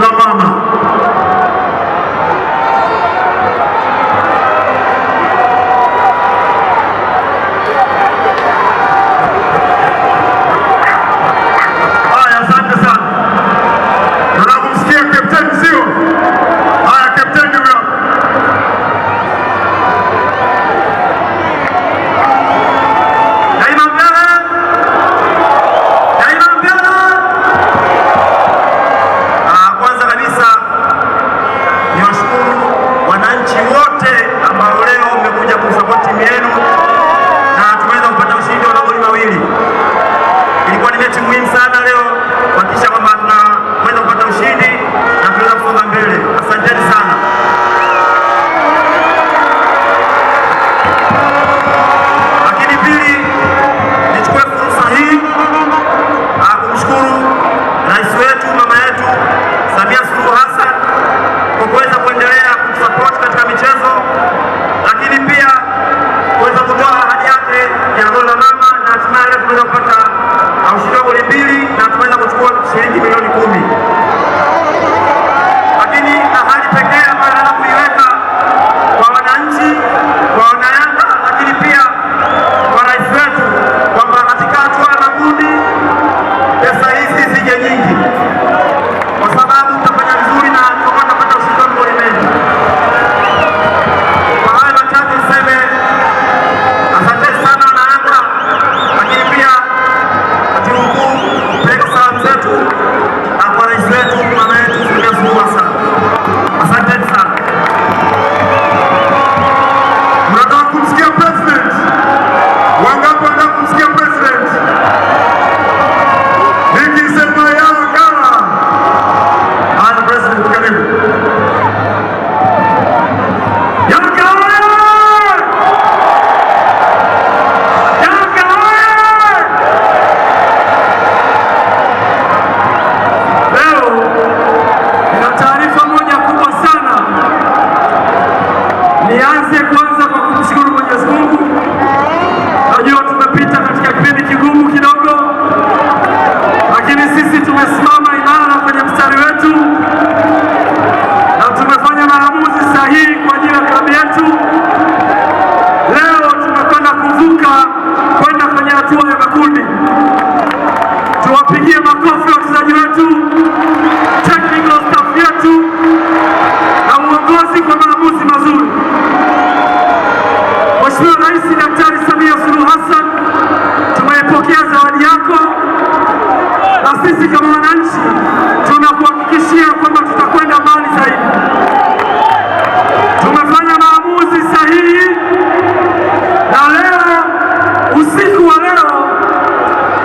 道吗？Nianze kwanza kwa kumshukuru Mwenyezi Mungu. Najua tumepita katika kipindi kigumu kidogo, lakini sisi tumesimama imara kwenye mstari wetu na tumefanya maamuzi sahihi kwa ajili ya klabu yetu. Leo tumekwenda kuvuka kwenda kwenye hatua ya makundi, tuwapigie Mheshimiwa Rais Daktari Samia Suluhu Hassan, tumeipokea zawadi yako, na sisi kama wananchi tunakuhakikishia kwamba tutakwenda mbali zaidi. Tumefanya maamuzi sahihi, na leo usiku wa leo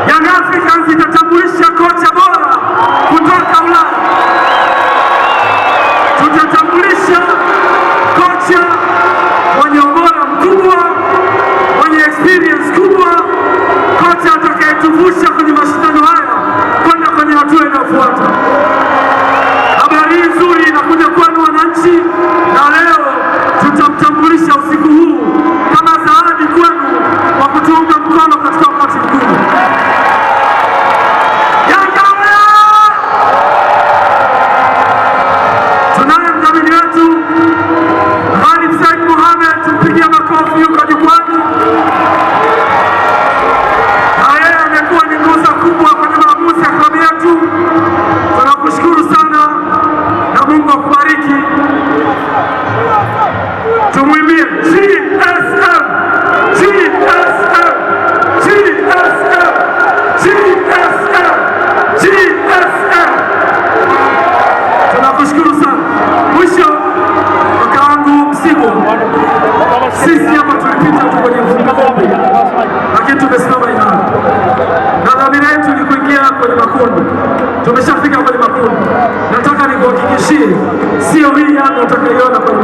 Young Africans no